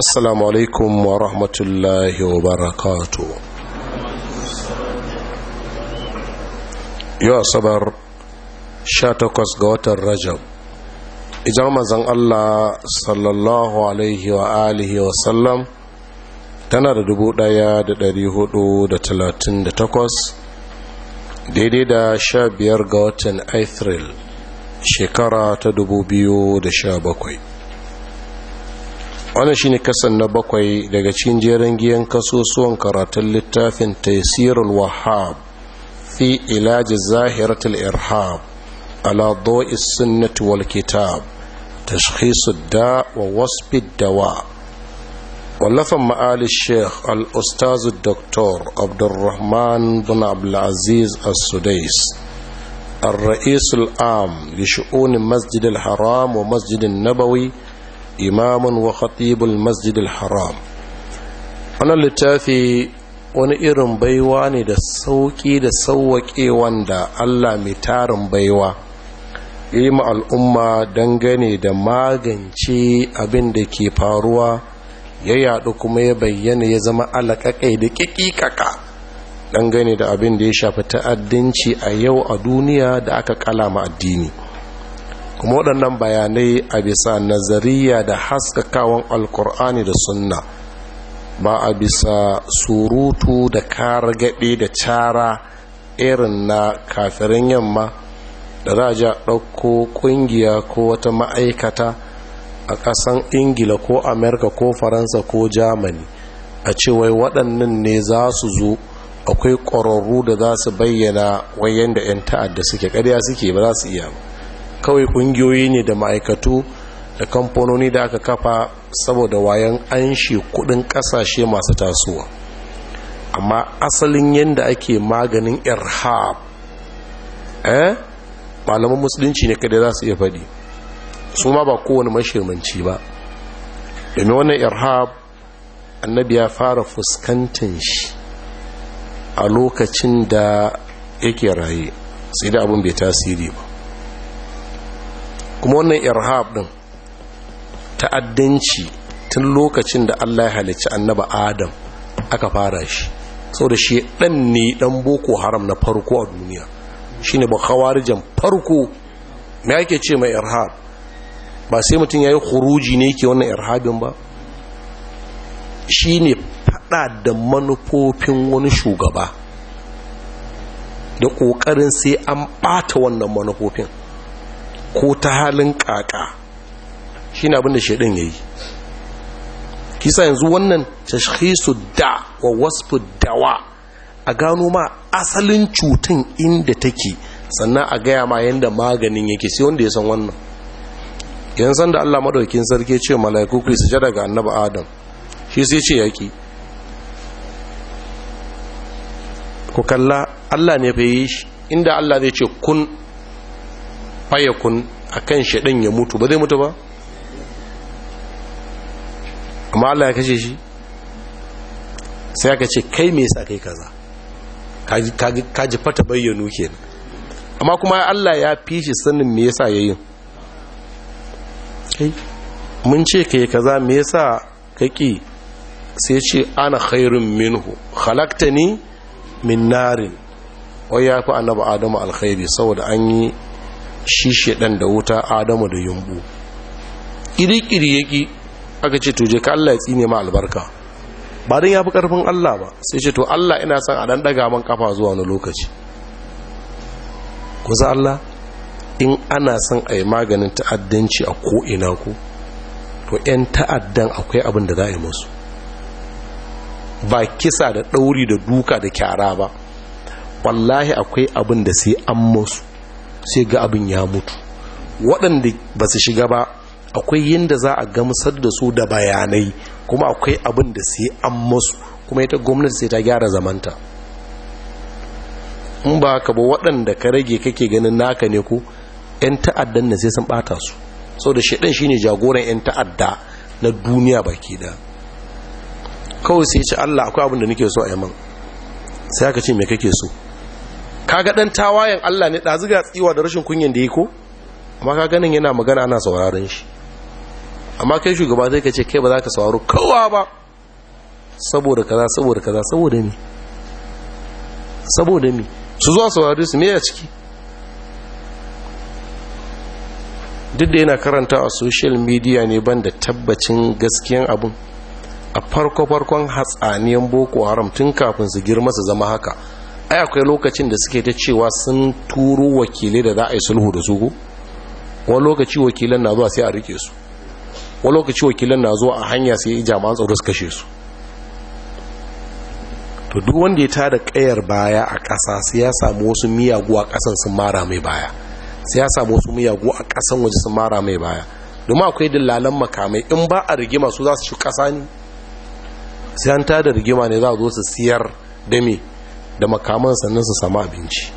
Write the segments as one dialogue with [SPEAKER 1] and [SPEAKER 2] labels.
[SPEAKER 1] assalamu alaikum wa rahmatullahi wa barakatu yau asabar takwas ga watan rajab idan mazan allah sallallahu alaihi wa alihi wa sallam tana da da talatin takwas, daidai da sha biyar ga watan aithril shekara ta dubu biyu da sha bakwai. wannan shine kasan na bakwai daga cikin jerin giyan kasusuwan karatun littafin taisirul wahab fi ilaji zahiratul irhab ala dawi sunnati wal kitab tashkhisud da wa wasfid dawa wallafan ma'ali sheikh al-ustaz dr abdurrahman bin abdul aziz as-sudais الرئيس العام لشؤون مسجد الحرام ومسجد النبوي imaman wa khatibul masjidil haram wannan littafi wani irin baiwa ne da sauƙi da sauwaƙe wanda allah mai tarin baiwa ya ma al'umma dangane da magance abin da ke faruwa ya yaɗu kuma ya bayyana ya zama alaƙaƙai da ƙiƙiƙaƙa dangane da abin da ya shafi ta'addanci a yau a duniya da aka kalama addini kuma waɗannan bayanai a bisa nazariya da haskakawan alkur'ani da sunna ba a bisa surutu da kargaɗe da cara irin na kafirin yamma da za a ɗauko ƙungiya ko wata ma'aikata a ƙasan ingila ko amerika ko faransa ko germany a cewa waɗannan ne za su zo akwai ƙwararru da za su bayyana wayan da 'yan ta'adda suke ƙarya suke ba za su iya ba kawai kungiyoyi ne da ma'aikatu da kamfanoni da aka kafa saboda wayan an shi kudin kasashe masu tasowa amma asalin yadda ake maganin irhab eh malaman musulunci ne kada za su iya faɗi su ma ba kowane mashirmanci ba domin wannan irhab annabi ya fara fuskantin shi a lokacin da yake raye sai da abin bai tasiri ba kuma wannan irhab din ta'addanci tun lokacin da Allah ya halicci annaba Adam aka fara shi saboda shi dan ne dan boko haram na farko a duniya shine ba khawarijan farko me ake ce mai irhab ba sai mutum yi khuruji ne ke wannan irhabin ba shine fada da manufofin wani shugaba da kokarin sai an bata wannan manufofin ko ta halin kaka shi ne abinda shaɗin ya yi kisa yanzu wannan tashkisu da wa wasu dawa a gano ma asalin cutun inda take sannan a gaya ma yadda maganin yake sai wanda ya san wannan yan san da Allah madaukin sarki ce malaiku ku sujada ga annaba Adam shi sai ce yaki ku kalla Allah ne fayi shi inda Allah zai ce kun fayakun a kan shaɗin ya mutu ba zai mutu ba amma Allah ya kashe shi sai aka ce kai me yasa kai kaza ka ji fata bayyano kenan amma kuma Allah ya fi shi sanin me yasa yayin kai mun ce kai kaza me yasa kaki sai ce ana khairun minhu ni min narin wai ya fi annabi adamu alkhairi saboda an yi shi shedan da wuta adamu da yumbu kirikiri yaki aka ce to je ka Allah ya tsine ma albarka ba dan yafi karfin Allah ba sai ce to Allah ina son a dan daga man kafa zuwa wani lokaci ku Allah in ana son a yi maganin ta'addanci a ko'ina ku to 'yan ta'addan akwai abin da za a yi musu ba kisa da ɗauri da duka da kyara ba wallahi akwai abin da sai an musu sai ga abin ya mutu waɗanda ba su shiga ba akwai yadda za a gamsar da su da bayanai kuma akwai abin da sai an masu kuma ita gwamnati sai ta gyara zamanta in ba ka ba waɗanda ka rage kake ganin naka ne ko 'yan ta'addan na sai sun ɓata su sau da shi shine jagoran 'yan ta'adda na duniya baki da kawai sai ce allah akwai abin da nake so a yaman sai aka ce mai kake so kaga dan tawayen Allah ne da tsiwa da rashin kunyan da yi ko amma ka ganin yana magana ana sauraron shi amma kai shugaba zai ka ce kai ba za ka sauraro kowa ba saboda kaza saboda kaza saboda me saboda me su zuwa saurari su me ya ciki duk da yana karanta a social media ne ban da tabbacin gaskiyan abun a farko-farkon hatsaniyan boko haram tun kafin su girma su zama haka ai akwai lokacin da suke ta cewa sun turo wakilai da za a yi sulhu da su ko wani lokaci wakilan na zuwa sai a rike su wani lokaci wakilan na zuwa a hanya sai yi jama'an tsaro su kashe su to duk wanda ya tada kayar baya a ƙasa sai ya samu wasu miyagu a ƙasan sun mara mai baya sai ya samu wasu miyagu a ƙasan waje sun mara mai baya domin akwai dillalan makamai in ba a rigima su za su ci ƙasa ne sai an tada rigima ne za a zo su siyar da me da makaman sannan su samu abinci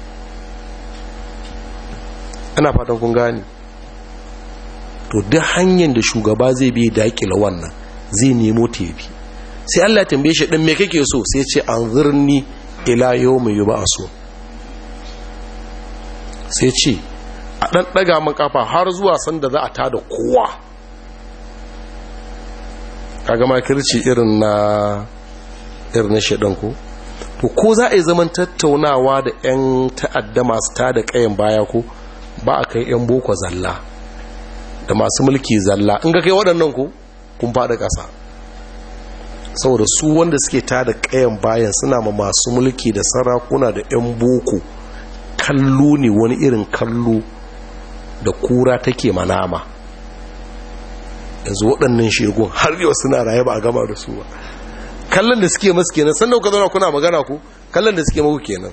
[SPEAKER 1] ana fatan kun gani to duk hanyar da shugaba zai bi dakila wannan zai nemo tebi sai Allah tambaye shi ɗin me kake so sai ce an anzirni ila yawmi yub'asu sai ce a dan daga mun kafa har zuwa sanda za a tada kowa kaga makirci irin na irin na shedan ko to ko za a yi zaman tattaunawa da 'yan ta'adda masu ta da ƙayan baya ko ba a kai 'yan boko zalla da masu mulki zalla in ga kai waɗannan ku kun faɗi ƙasa saboda su wanda suke ta da ƙayan bayan suna ma masu mulki da sarakuna da 'yan boko kallo ne wani irin kallo da kura take manama yanzu waɗannan shegun har yau suna raye ba a gama da su ba kallon da suke masu kenan sannan ka zauna kuna magana ku kallon da suke maku kenan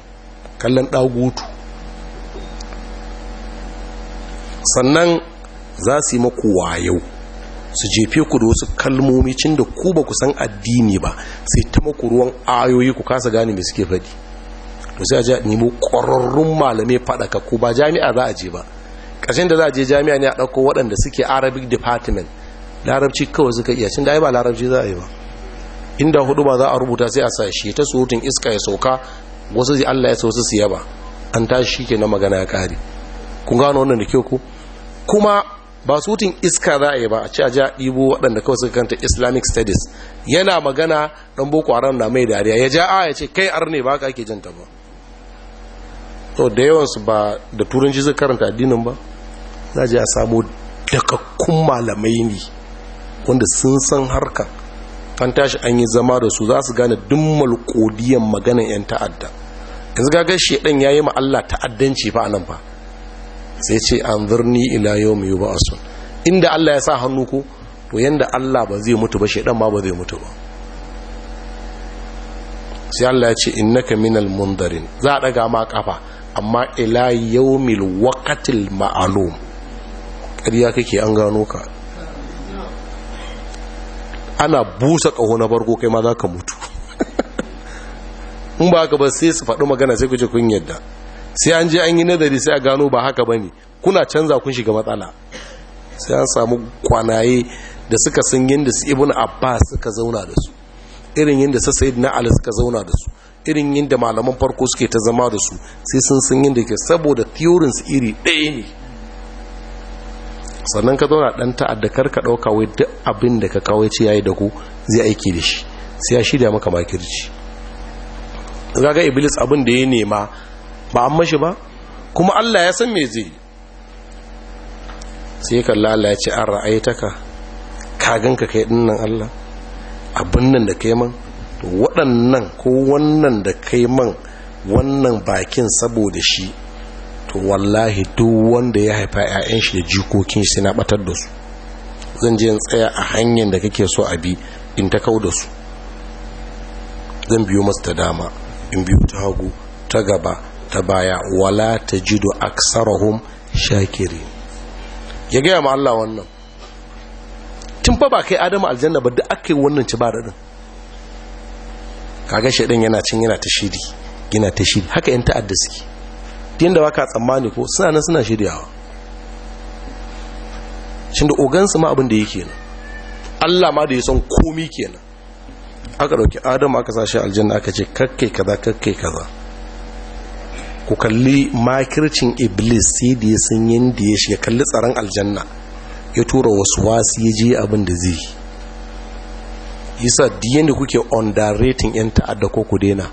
[SPEAKER 1] kallon ɗagutu sannan za su yi maku wayo su jefe ku da wasu kalmomi cin da ku ba ku san addini ba sai ta maku ruwan ayoyi ku kasa gane mai suke faɗi to sai a ji a nemo ƙwararrun malamai faɗaka ku ba jami'a za a je ba ƙashin da za a je jami'a ne a ɗauko waɗanda suke arabic department larabci kawai suka iya cin da ai ba larabci za a yi ba inda hudu ba za a rubuta sai a sa sashi ta surutun iska ya sauka wasu zai Allah ya wasu su siya ba an tashi ke na magana ya kare kun gano wannan da ke ku kuma ba surutun iska za a yi ba a ci a ja ɗibo waɗanda kawai suka kanta islamic studies yana magana ɗan boko haram na mai dariya ya ja a ya ce kai arne ba ka ake janta ba to da yawansu ba da turanci zai karanta addinin ba za a je a samo dakakkun malamai ne wanda sun san harkar an tashi an yi zama da su za su gane duk kodiyan maganan 'yan ta'adda yanzu gagar shaidan ya yi Allah ta'addanci fa nan ba sai ce an zurni ila yau mai ba sun inda Allah ya sa hannu ko to yadda Allah ba zai mutu ba shaidan ma ba zai mutu ba sai Allah ya ce ka minal mundarin za a daga ma kafa amma ila yau mil wakatil ma'alum ƙarya kake an gano ka ana busa ƙaho na bargo kai ma za ka mutu in ba ka ba sai su faɗi magana sai kuje kun yadda sai an je an yi nazari sai a gano ba haka ba ne kuna canza kun shiga matsala sai an samu kwanaye da suka sun yadda su ibn abbas suka zauna da su irin yadda su sayid na ali suka zauna da su irin yadda malaman farko suke ta zama da su sai sun sun yadda ke saboda theorin iri ɗaya ne sannan ka zauna dan ta'adda kar ka dauka wai duk abin da ka kawai ce yayi da ku zai aiki da shi sai ya shirya maka makirci kaga iblis abin da ya nema ba an mashi ba kuma Allah ya san me zai sai kalla Allah ya ce an ra'aytaka ka ganka kai dinnan Allah abin nan da kai man waɗannan ko wannan da kai man wannan bakin saboda shi to wallahi duk wanda ya haifa 'ya'yan shi da jikokin shi na batar da su zan je in tsaya a hanyar da kake so a bi in ta kau da su zan biyo masu ta dama in biyo ta hagu ta gaba ta baya wala ta jido aksarahum shakiri ya gaya ma Allah wannan tun fa ba kai adamu aljanna ba duk aka yi wannan ci ba daɗin kaga shaɗin yana cin yana ta shiri yana ta shiri haka yan ta'adda suke din da baka tsammani ko suna nan suna shiryawa shin da ogansu ma abin da yake nan Allah ma da ya san komi kenan aka dauki Adam aka sa shi aljanna aka ce kakke kaza kakke kaza ku kalli makircin iblis sai da ya san yanda ya shiga kalli tsaron aljanna ya tura wasu wasu ya je abin da zai yasa diyan da kuke underrating yan ta'adda ko ku dena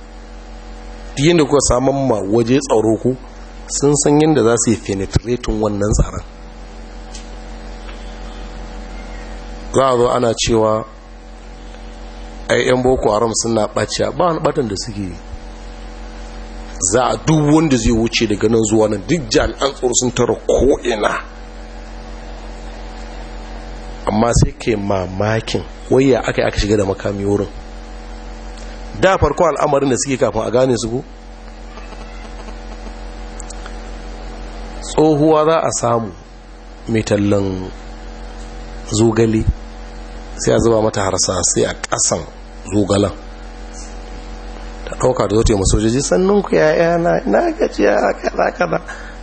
[SPEAKER 1] diyan da kuka saman ma waje tsaro ku sun san yadda za su yi penetrating wannan tsaron za a zo ana cewa ai boko haram suna ɓaciya ba wani ɓatan da suke yi za a duk wanda zai wuce daga nan zuwa nan duk jami'an tsoro sun tara ko'ina amma sai ke mamakin waya aka yi aka shiga da makami wurin da farko al'amarin da suke kafin a gane su ku. tsohuwa za a samu mai tallan zogale sai a zuba mata harsa sai a kasan zogalen ta ɗauka da zote masu sojoji sannan ku yaya na na gajiya kada kada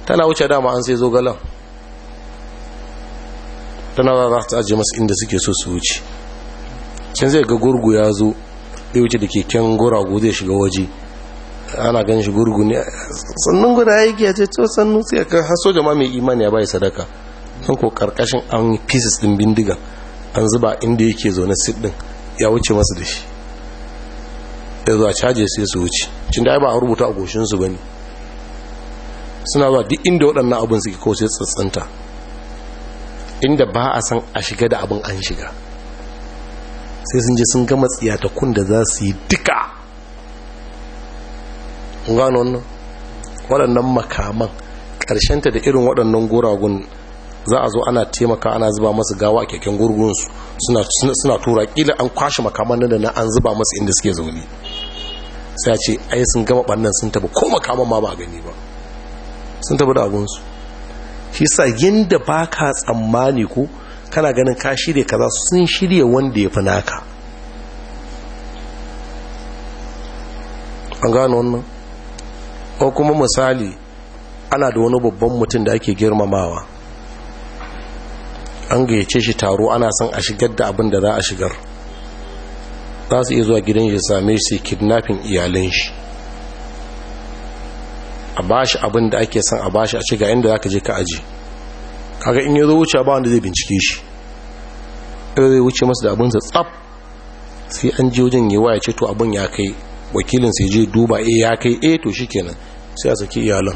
[SPEAKER 1] tana wuce dama an sai zogalen tana za ta ajiye masu inda suke so su wuce can zai ga gurgu ya zo ya wuce da keken guragu zai shiga waje ana gan shi gurgu ne sannan guda aiki ya ce cewa sannu sai ka haso jama mai imani ya bai sadaka sun ko karkashin an pieces din bindiga an zuba inda yake zaune sit din ya wuce masu da shi ya zuwa caje sai su wuce cin da ya ba a rubuta a goshin su bane suna zuwa duk inda waɗannan abin suke ko sai tsatsanta inda ba a san a shiga da abin an shiga sai sun je sun gama tsiyata kun da za su yi duka kun gano wannan waɗannan makaman ƙarshenta da irin waɗannan guragun za a zo ana taimaka ana zuba masu gawa a keken gurgunsu suna tura ƙila an kwashe makaman nan da na an zuba masu inda suke zaune sai a ce ai sun gama ɓannan sun tabi ko makaman ma ba gani ba sun tabi da abinsu shi sa yadda ba ka tsammani ko kana ganin ka shirya kaza sun shirya wanda ya fi naka an gano wannan ko kuma misali ana da wani babban mutum da ake girmamawa an gayyace shi taro ana son a shigar da abin da za a shigar za su iya zuwa gidan shi same shi kidnapping iyalin shi a bashi abin da ake son a bashi a ci ga inda za ka je ka aji kaga in ya zo wuce ba wanda zai bincike shi ɗaya zai wuce masu da abin su tsab sai an ji wajen yi waya ce to abin ya kai wakilin sai je duba eh ya kai eh to shikenan sai a saki iyalan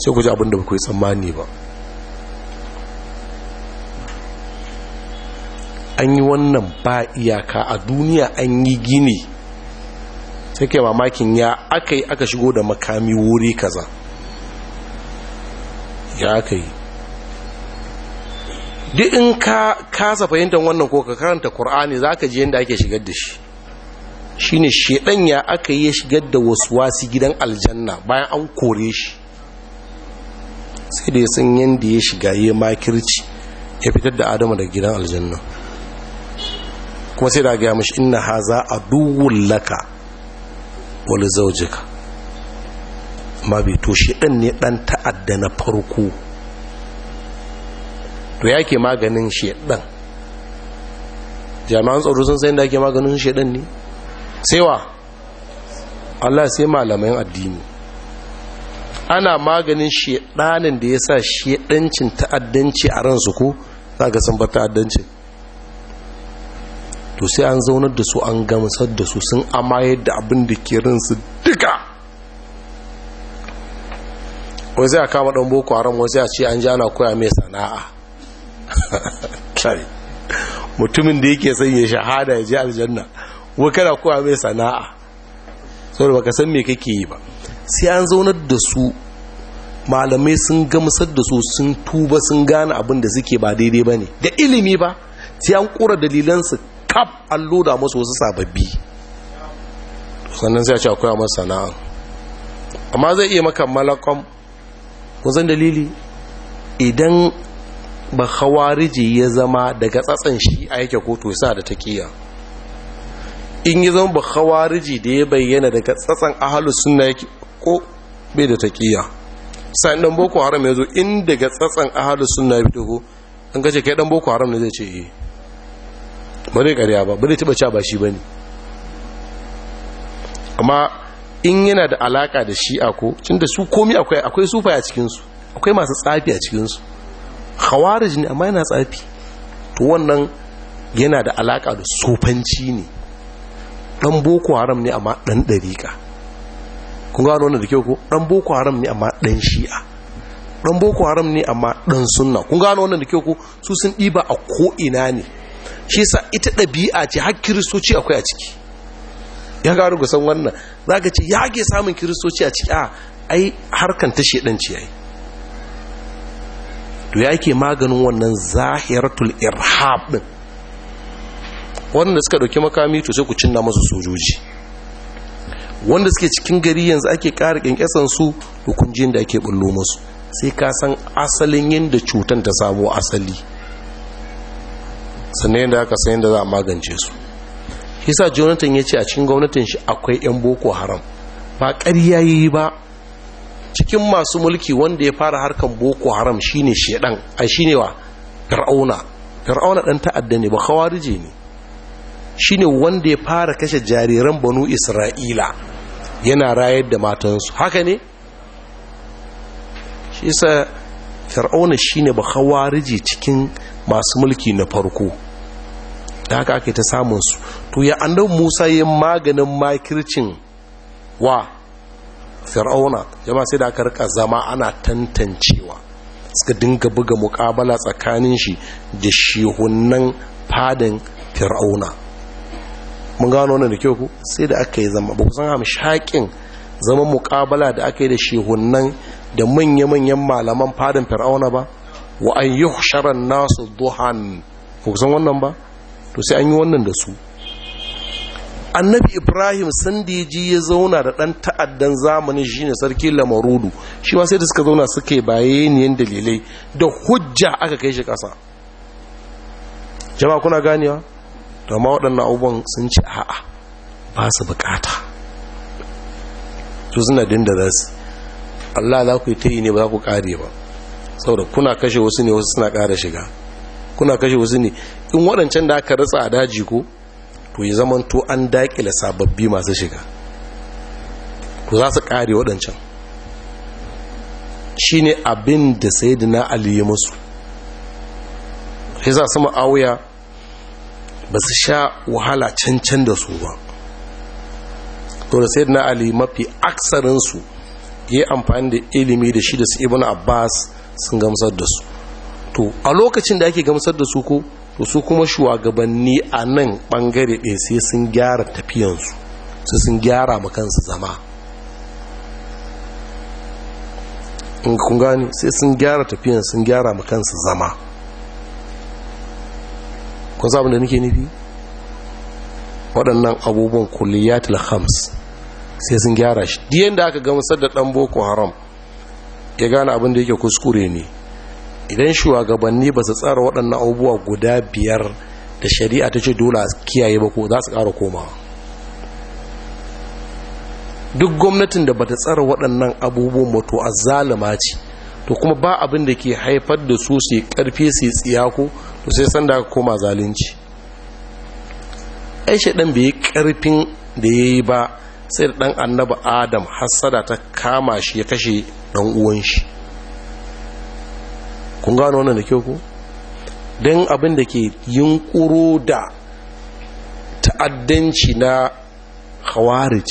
[SPEAKER 1] sai ku ji abin da ba ku yi tsammani ba an yi wannan ba iyaka a duniya an yi gini sai ke mamakin ya aka yi aka shigo da makami wuri kaza ya aka yi duk in ka kasa fahimtar wannan ko ka karanta Kur'ani za ka ji yadda ake shigar da shi shine shedan ya aka yi shigar da wasu wasi gidan aljanna bayan an kore shi sai da ya san yadda ya shiga ya makirci ya fitar da adamu da gidan aljanna kuma sai da gaya mashi inna haza aduwwul laka wani zaujika amma bai to shedan ne dan ta'adda na farko to ya ke maganin shedan jami'an tsaro sun san da ake maganin shedan ne sewa Allah sai malamai addini ana maganin shedanin da ya sa shedancin ta'addanci a ransu ko za ka san ba ta'addancin to sai an zaunar da su an gamsar da su sun amaye da abin da ke ransu duka wai zai a kama ɗan boko haram wasu ya ce an ji ana koya mai sana'a mutumin da yake son ya shahada ya je aljanna wai kada kowa mai sana'a saboda baka san me kake yi ba sai an zaunar da su malamai sun gamsar da su sun tuba sun gane abin da suke ba daidai ba ne da ilimi ba sai an kura dalilansu kaf an loda masu wasu sababbi sannan sai a ce akwai a sana'a amma zai iya maka malakon kusan dalili idan ba hawarije ya zama daga tsatsan shi a yake koto sa da taƙiya in yi zama ba khawariji da ya bayyana daga tsatsan ahalus sunna yake ko bai da taqiya sai dan boko haram yazo in daga tsatsan ahalus sunna ya fito an kace kai dan boko haram ne zai ce eh ba zai ƙarya ba ba zai taba shi ba shi bane amma in yana da alaka da shi'a ko tunda su komi akwai akwai sufa a cikin su akwai masu tsafi a cikin su khawarij ne amma yana tsafi to wannan yana da alaka da sufanci ne dan boko haram ne amma dan dariqa kun gano wannan da kyau ko dan boko haram ne amma dan shi'a dan boko haram ne amma dan sunna kun gano wannan da kyau ko su sun diba a ko ina ne shi yasa ita dabi'a ce har kiristoci akwai a ciki ya gano ga san wannan zaka ce ya samun kiristoci a ciki a ai harkan ta shedanci yayi to yake maganin wannan zahiratul irhab din wanda suka dauki makami to sai ku cinna masu sojoji wanda suke cikin gari yanzu ake ƙara ƙyanƙyasan su da da ake bullo musu sai ka san asalin yadda cutan ta samo asali sannan yadda aka san yadda za a magance su hisa jonathan ya ce a cikin gwamnatin shi akwai 'yan boko haram ba ƙarya yi ba cikin masu mulki wanda ya fara harkan boko haram shine shedan a shine wa fir'auna fir'auna dan ta'adda ne ba khawarije ne shine wanda ya fara kashe jariran banu isra'ila yana rayar da matansu haka ne shi sa fir'auna shine ba hawariji cikin masu mulki na farko da haka ake ta samun su to ya annabi Musa yin maganin makircin wa fir'auna jama'a sai da aka rika zama ana tantancewa suka dinga buga mukabala tsakanin shi da shehunan fadin fir'auna mun gano wannan da kyau ku sai da aka yi zama ba ku san hamshakin zaman muƙabala da aka yi da shehunan da manya-manyan malaman fadin fir'auna ba wa an yi sharan nasu duhan ku san wannan ba to sai an yi wannan da su annabi ibrahim sandiji ya zauna da ɗan ta'addan zamanin shi ne sarki lamarudu shi ma sai da suka zauna suka yi bayaniyan dalilai da hujja aka kai shi ƙasa jama'a kuna ganewa to amma waɗannan abubuwan sun ce a'a ba su bukata to suna dinda za su Allah za ku yi ta yi ne ba ku kare ba saboda kuna kashe wasu ne wasu suna ƙara shiga kuna kashe wasu ne in waɗancan da aka ratsa a daji ko to yi zaman to an daƙila sababbi masu shiga to za su kare waɗancan shi ne abin da sai da na aliyu masu shi za su ba su sha wahala cancan da su ba to da sai na ali mafi aksarinsu ya amfani da ilimi da shi da su ibn abbas sun gamsar da su to a lokacin da ake gamsar da su ko to su kuma shugabanni a nan bangare ɗaya sai sun gyara tafiyansu sai sun gyara makansu zama in kun sai sun gyara tafiyan sun gyara makansu zama kun samun da nake nufi waɗannan abubuwan kuliyatul khams sai sun gyara shi diya da aka gamsar da ɗan boko haram ya gane abin da yake kuskure ne idan shugabanni ba su tsara waɗannan abubuwa guda biyar da shari'a ta ce dole kiyaye ba ko za su ƙara komawa duk gwamnatin da ba ta tsara waɗannan abubuwan mato a zalima ce to kuma ba abin da ke haifar da su su yi ƙarfi su yi tsiyako to sai sanda ka koma zalunci ai shaɗan bai yi ƙarfin da ya yi ba sai da ɗan annabi adam hassada ta kama shi ya kashe ɗan uwan shi kun gano wannan da kyau ku don abin da ke yunkuro da ta'addanci na khawarij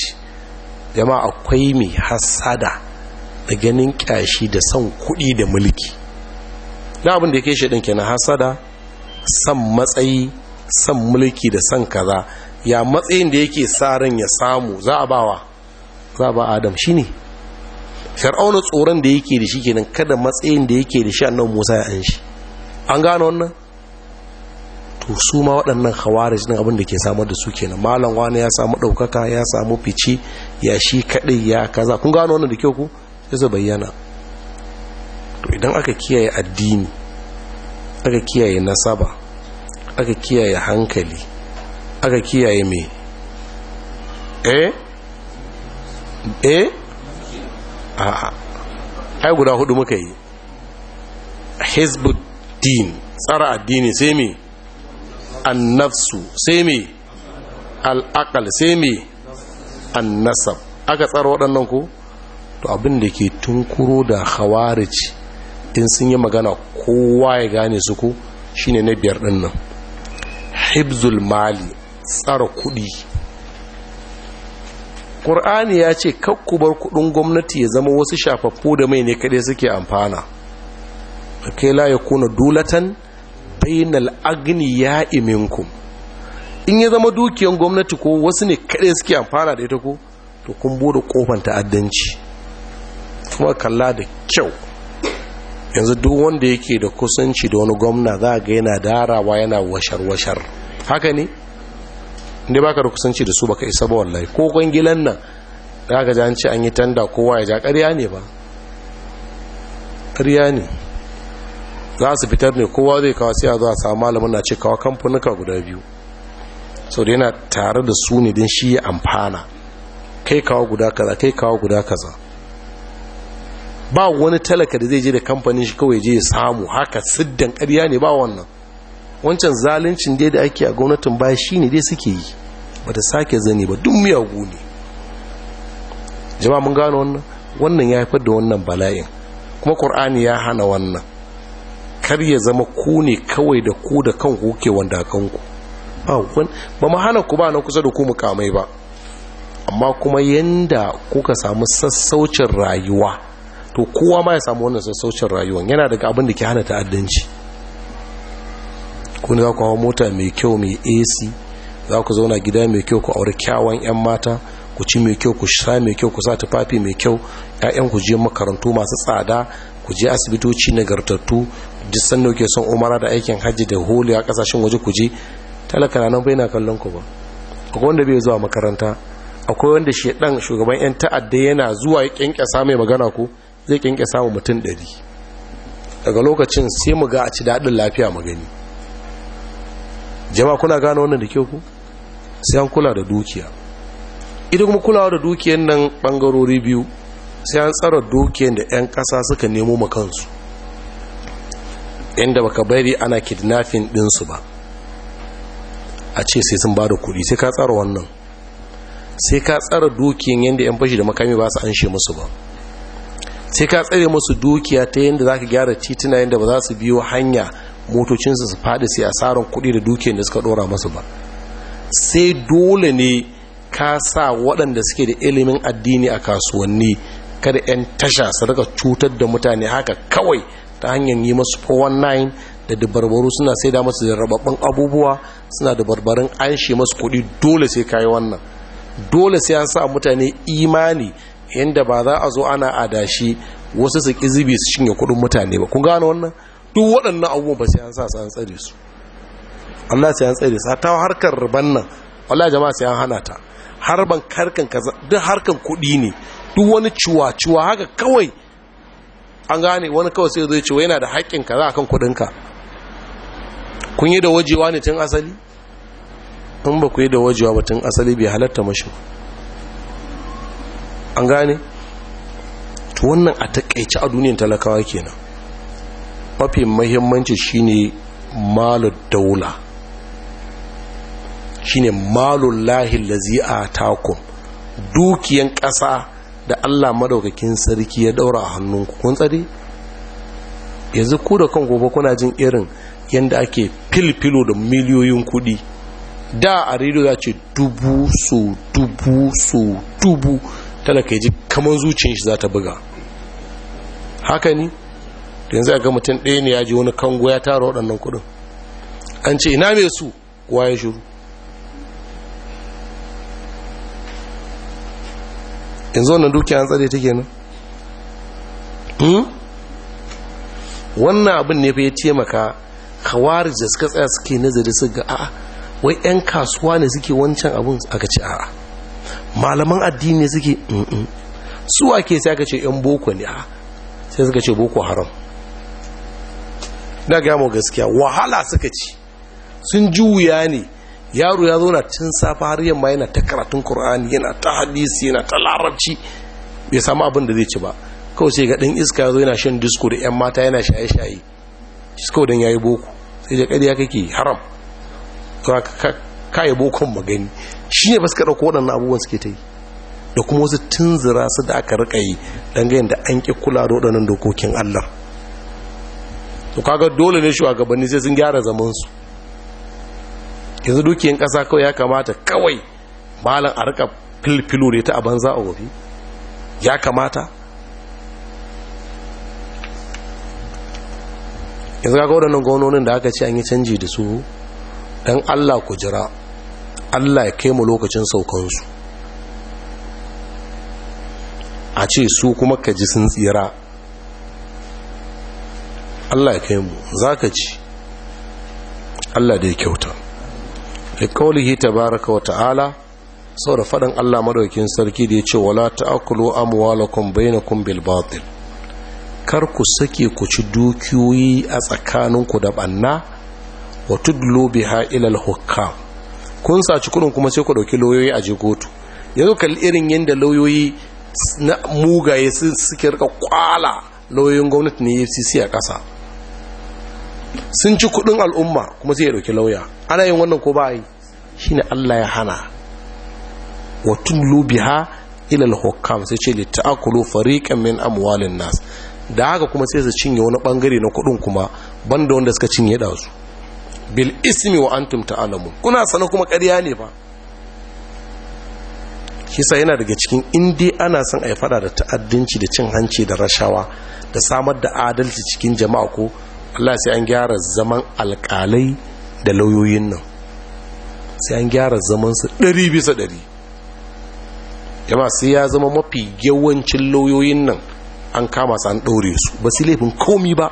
[SPEAKER 1] jama akwai mai hassada da ganin kyashi da son kuɗi da mulki na abin da ya ke shaɗin kenan hassada san matsayi san mulki da san kaza ya matsayin da yake sa ran ya samu za a bawa za a ba adam shi ne? Shar'auna tsoron da yake da shi kenan kada matsayin da yake da shi annabi Musa ya an shi an gano wannan to su ma waɗannan khawarij din abin da ke samar da su kenan malam wani ya samu ɗaukaka ya samu fice, ya shi kaɗai ya kaza kun gano wannan da kyau ku sai bayyana to idan aka kiyaye addini aka kiyaye nasaba aka kiyaye hankali aka kiyaye me eh eh a'a ai guda hudu muka yi din tsara addini sai me annafsu sai me al'akal sai me annasab aka tsara waɗannan ku to abinda da ke tunkuro da hawarici in sun yi magana kowa ya gane su ku shine na biyar ɗin nan hibzul mali tsara kuɗi ƙur'ani ya ce kakkubar kuɗin gwamnati ya zama wasu shafaffu da mai ne kaɗai suke amfana a kai ya kuna dulatan bainal agni ya iminku. in ya zama dukiyan gwamnati ko wasu ne kaɗai suke amfana da ita ko to kun bude kofan ta'addanci kuma kalla da kyau yanzu duk wanda yake da kusanci da wani gwamna za ga yana darawa yana washar-washar haka ne inda baka da kusanci da su baka isa ba wallahi ko kwangilan nan da aka ji an ce an yi tanda kowa ya ja ƙarya ne ba ƙarya ne za su fitar ne kowa zai kawo sai a zuwa samu malamin na ce kawo kamfanuka guda biyu sau da yana tare da su ne don shi ya amfana kai kawo guda kaza kai kawo guda kaza ba wani talaka da zai je da kamfanin shi kawai je ya samu haka siddan ƙarya ne ba wannan wancan zaluncin dai da ake a gwamnatin baya shine dai suke yi ba ta sake zane ba duk miyagu ne jama'a mun gano wannan wannan ya haifar da wannan bala'in kuma ƙur'ani ya hana wannan kar ya zama ku ne kawai da ku da kanku hoke wanda kanku ba ba mu hana ku ba na kusa da ku mukamai ba amma kuma yanda kuka samu sassaucin rayuwa to kowa ma ya samu wannan sassaucin rayuwa yana daga abin da ke hana ta'addanci kuna za ku hawa mota mai kyau mai ac za ku zauna gida mai kyau ku auri kyawun 'yan mata ku ci mai kyau ku sha mai kyau ku sa tufafi mai kyau 'ya'yan ku je makarantu masu tsada ku je asibitoci nagartattu duk san ke son umara da aikin hajji da holi a kasashen waje ku je talaka na nan bai na kallon ku ba akwai wanda bai zuwa makaranta akwai wanda shi ɗan shugaban 'yan ta'adda yana zuwa ya kyankyasa mai magana ko zai kyankyasa mu mutum ɗari daga lokacin sai mu ga a ci daɗin lafiya magani jama'a kuna gane wannan da ke ku sai an kula da dukiya idan kuma kulawa da dukiyan nan bangarori biyu sai an tsara dukiyan da 'yan ƙasa suka nemo ma kansu inda baka bari ana kidnapping ɗinsu ba a ce sai sun ba da kuɗi sai ka tsara wannan sai ka tsara dukiyan yadda 'yan fashi da makami ba su an she musu ba sai ka tsare musu dukiya ta yadda za ka gyara titina yadda ba za su biyo hanya motocinsu su faɗi sai asarar kuɗi da dukiyar da suka ɗora masu ba sai dole ne ka sa waɗanda suke da ilimin addini a kasuwanni kada 'yan tasha su daga cutar da mutane haka kawai ta hanyar yi masu 419 da dabarbaru suna sai da masu rababban abubuwa suna da barbarin an shi masu kuɗi dole sai kayi wannan dole sai an sa mutane imani yadda ba za a zo ana adashi wasu su ƙizibi su cinye kuɗin mutane ba kun gane wannan duk waɗannan abubuwan ba sai an sa an tsare su Allah sai an tsare su ta harkar riban nan wallahi jama'a sai an hana ta harban karkan kaza duk harkan kuɗi ne duk wani ciwa-ciwa haka kawai an gane wani kawai sai zai ciwa yana da haƙƙin kaza akan kuɗinka kun yi da wajewa ne tun asali in ba ku yi da wajewa ba tun asali bai halatta mashi an gane to wannan a taƙaice a duniyar talakawa kenan mafi mahimmanci shine malu daula shine malu lahil lazi'a a takum dukiyan ƙasa da Allah madaukakin sarki ya daura a hannunku kun tsare yanzu ku da kan gobe kuna jin irin yanda ake filfilo da miliyoyin kuɗi da a rediyo za ce dubu so dubu so dubu talaka ya ji kamar zuciyar shi za ta buga haka ne yanzu ga mutum ɗaya ne ya ji wani kango ya tara waɗannan kuɗin an ce ina mai su kuwa ya shuru yanzu wannan dukiya an tsare take nan hmm? wannan abin ne fa ya taimaka khawarij da suka tsaya suke nazari su ga a'a wai 'yan kasuwa ne suke wancan abin aka ce a'a malaman addini suke su ke sai aka ce 'yan boko ne a sai suka ce boko haram na gamo gaskiya wahala suka ci sun juya ne yaro ya zauna tun safa har yamma yana ta karatun Kur'ani, yana ta hadisi yana ta larabci bai samu abin da zai ci ba kawai sai ga ɗan iska ya zo yana shan disko da 'yan mata yana shaye-shaye disko don ya yi boko sai da ƙarya kake haram ka yi bokon magani shi ne ba suka ɗauko waɗannan abubuwan suke ta yi da kuma wasu tunzura su da aka rika yi dangane da an ƙi kula da waɗannan dokokin allah to kaga dole ne shugabanni sai sun gyara su yanzu dukiyan kasa kawai ya kamata kawai malam a rika filfilo ne ta a banza a wafi ya kamata yanzu kaga waɗannan gwamnonin da aka ce an yi canji da su don allah ku jira allah ya kai mu lokacin saukansu a ce su kuma ka ji sun tsira Allah ya kai mu za ka ci Allah da ya kyauta da kaulihi tabaraka wa ta'ala saboda faɗin Allah madaukin sarki da ya ce wala ta'kulu amwalakum bainakum bil batil kar ku sake ku ci dukiyoyi a tsakaninku da banna wa tudlu biha ila al hukam kun saci kudin kuma sai ku dauki lauyoyi a je yanzu kal irin yanda lauyoyi na mugaye suke rika kwala lauyoyin gwamnati na EFCC a ƙasa sun ci kudin al'umma kuma sai ya dauki lauya ana yin wannan ko ba yi shine Allah ya hana wa tumlu biha ila al-hukam sai ce lita'akulu fariqan min amwalin nas da haka kuma sai su cinye wani bangare na kudin kuma banda wanda suka cinye da su bil ismi wa antum ta'lamun kuna sanin kuma ƙarya ne fa kisa yana daga cikin indi ana son a yi fada da ta'addanci da cin hanci da rashawa da samar da adalci cikin jama'a ko Allah sai an gyara zaman alƙalai da lauyoyin nan sai an gyara zamansu ɗari bisa ɗari yamma sai ya zama mafi yawancin lauyoyin nan an kama su an ɗaure su ba su laifin komi ba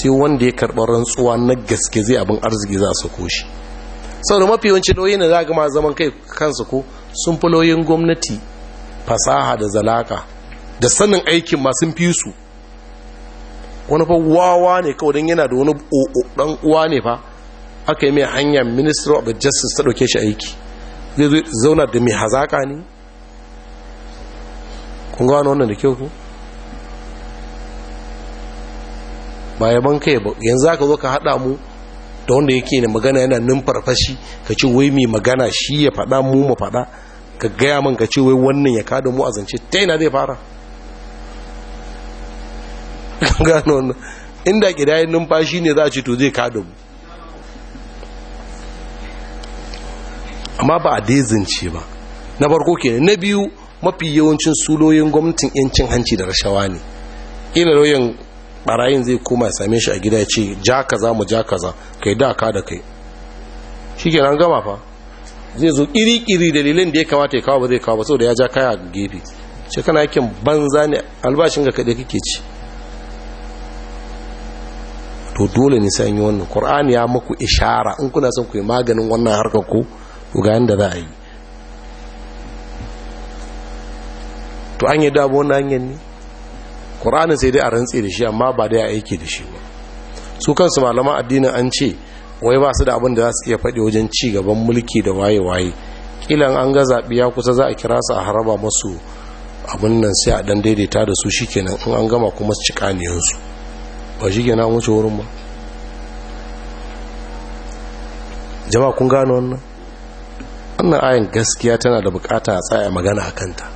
[SPEAKER 1] sai wanda ya karɓar rantsuwa na gaske zai abin arziki za su koshi sau da mafi yawancin lauyoyin da za gama zaman kai kansu ko sun fi lauyoyin gwamnati fasaha da zalaka da sanin aikin ma sun fi su wani fa wawa ne kawai don yana da wani dan uwa ne fa aka yi mai hanya minister of justice ta ɗauke shi aiki zai zauna da mai hazaƙa ne kun gano wannan da kyau ku ba ya ban kai ba yanzu aka zo ka haɗa mu da wanda yake ne magana yana numfarfashi ka ce wai mai magana shi ya faɗa mu mu faɗa ka gaya man ka ce wai wannan ya kada mu a zance ta yana zai fara gano wannan inda kidayen numfashi ne za a ce to zai kada mu amma ba a daizince ba na farko ke na biyu mafi yawancin suloyin gwamnatin yancin hanci da rashawa ne ila lauyan barayin zai koma same shi a gida ya ce ja kaza mu ja kaza kai da ka da kai shi kenan gama fa zai zo kiri-kiri dalilin da ya kamata ya kawo ba zai kawo ba saboda ya ja kaya ga gefe ce kana yakin banza ne albashin ga kaɗai kake ci to dole ne sai yi wannan qur'ani ya muku ishara in kuna son ku yi maganin wannan harkar ko ku ga yanda za a yi to an yi dabo wannan hanyar ne qur'ani sai dai a rantse da shi amma ba da ya aiki da shi ba su kansu malaman addinin an ce wai ba su da abin da za su iya faɗi wajen ci gaban mulki da waye-waye kilan an ga zaɓi ya kusa za a kira su a haraba masu abin nan sai a ɗan daidaita da su shikenan in an gama kuma su ci kaniyansu ba shi gina wuce wurin ba jama'a kun gano wannan wannan ayin gaskiya tana da bukata a tsaya magana a kanta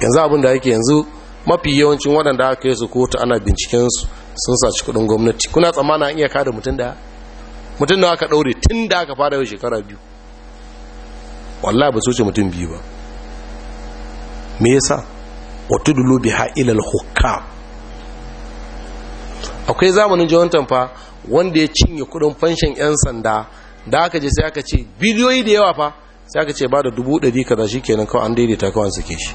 [SPEAKER 1] yanzu abinda yake yanzu mafi yawancin waɗanda aka yi su kotu ana bincikensu sun saci kudin gwamnati kuna tsammanin iya kada mutum da mutum da aka ɗaure tun da aka fara yau shekara biyu wallah ba su ce mutum biyu ba me yasa wata dulubi ha'ilal hukam akwai zamanin jonathan fa wanda ya cinye kudin fanshin 'yan sanda da aka je sai aka ce biliyoyi da yawa fa sai aka ce ba da dubu ɗari kaza shi kenan kawai an daidaita kawai suke shi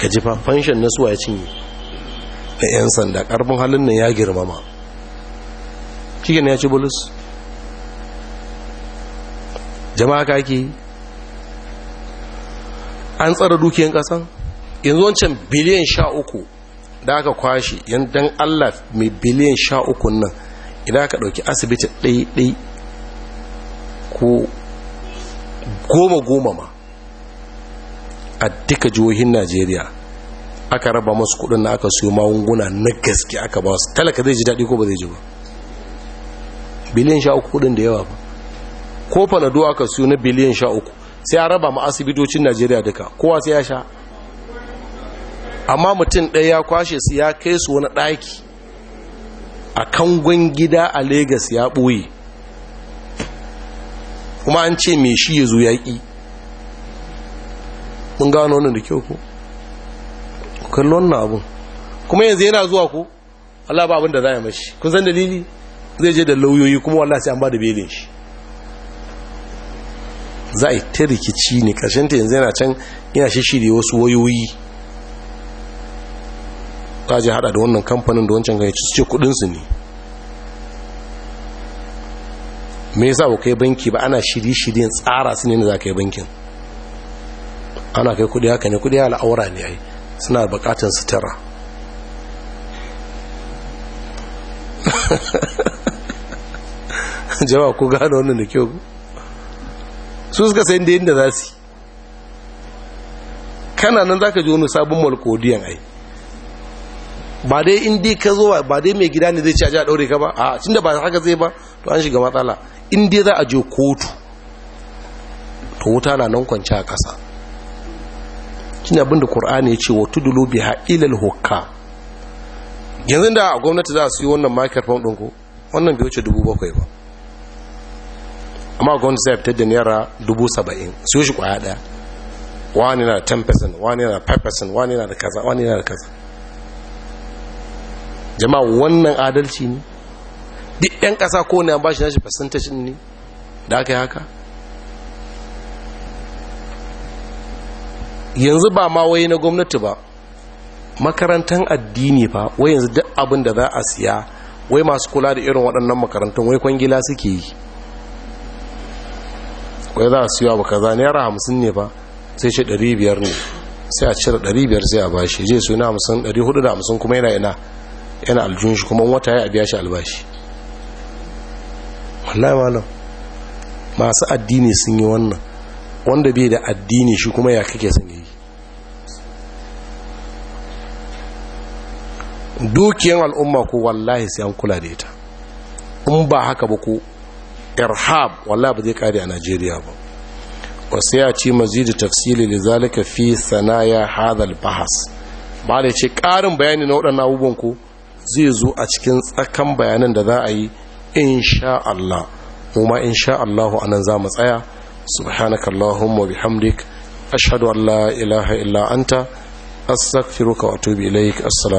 [SPEAKER 1] ka ji fa na suwa ya cinye da 'yan sanda ƙarfin halin nan ya girmama shi ya ci bulus jama'a ka ke an tsara dukiyan ƙasan yanzu wancan biliyan sha uku da aka kwashi yan Allah mai biliyan sha uku nan idan aka ɗauki asibiti ɗai-ɗai ko goma-goma ma a duka jihohin najeriya aka raba masu kudin na aka siyo magunguna na gaske aka ba su talaka zai ji daɗi ko ba zai ji ba biliyan sha uku kudin da yawa ba ko fanado aka siyo na biliyan sha uku sai a raba ma asibitocin najeriya duka kowa sai ya sha amma mutum ɗaya ya kwashe su ya kai su wani ɗaki a kangon gida a Legas ya ɓoye kuma an ce mai shi ya zo ƙi mun gano wani da kyau ku ku kallo wannan abin kuma yanzu yana zuwa ku Allah ba abin da za a mashi kun san dalili zai je da lauyoyi kuma wallah sai an ba da belin shi za a yi ta rikici ne ƙarshen ta yanzu yana can yana shishiri wasu wayoyi za je hada da wannan kamfanin da wancan gani su ce kudinsu ne me yasa ba kai banki ba ana shirye-shiryen tsara su ne da za ka yi bankin ana kai kudi haka ne kudi al'aura ne ai suna bukatar tara jawa ku gano wannan da kyau su suka sayi da yin da za su kana nan za ka ji wani sabon malkodiyan ai ba dai in dai ka zo ba dai mai gida ne zai ci a ji ɗaure ka ba a tunda ba haka zai ba to an shiga matsala in dai za a je kotu to wuta na nan kwanci a ƙasa shine abin da Qur'ani ya ce wa tudulu ha ilal hukka yanzu da a gwamnati za su yi wannan microphone ɗin ko wannan bai wuce dubu bakwai ba amma gwamnati zai fitar da naira saba'in su yi shi kwaya ɗaya wani na 10% wani na 5% wani na da kaza wani na da kaza jama'a wannan adalci ne duk 'yan ƙasa ko ne ba shi nashi fasantashin ne da aka yi haka yanzu ba ma waye na gwamnati ba makarantar addini ba wai yanzu duk abin da za a siya wai masu kula da irin waɗannan makarantun wai kwangila suke yi wai za a siya ba zane naira hamsin ne ba sai ce ɗari biyar ne sai a cire ɗari biyar sai a bashi je suna hamsin ɗari hudu da hamsin kuma yana yana yana aljun shi kuma wata ya biya shi albashi wallahi malam masu addini sun yi wannan wanda bai da addini shi kuma ya kake sun yi dukiyan al'umma ko wallahi sai an kula da ita in ba haka ba ko irhab wallahi ba zai kare a najeriya ba wasu ya ci mazidu tafsili da zalika fi sanaya hadal bahas ba da ce ƙarin bayani na waɗannan abubuwan ko zai zo a cikin tsakan bayanan da za a yi insha Allah kuma insha Allah anan za mu tsaya subhanaka allahumma bihamdik ashhadu an la ilaha illa anta astaghfiruka wa atubu ilaik assalamu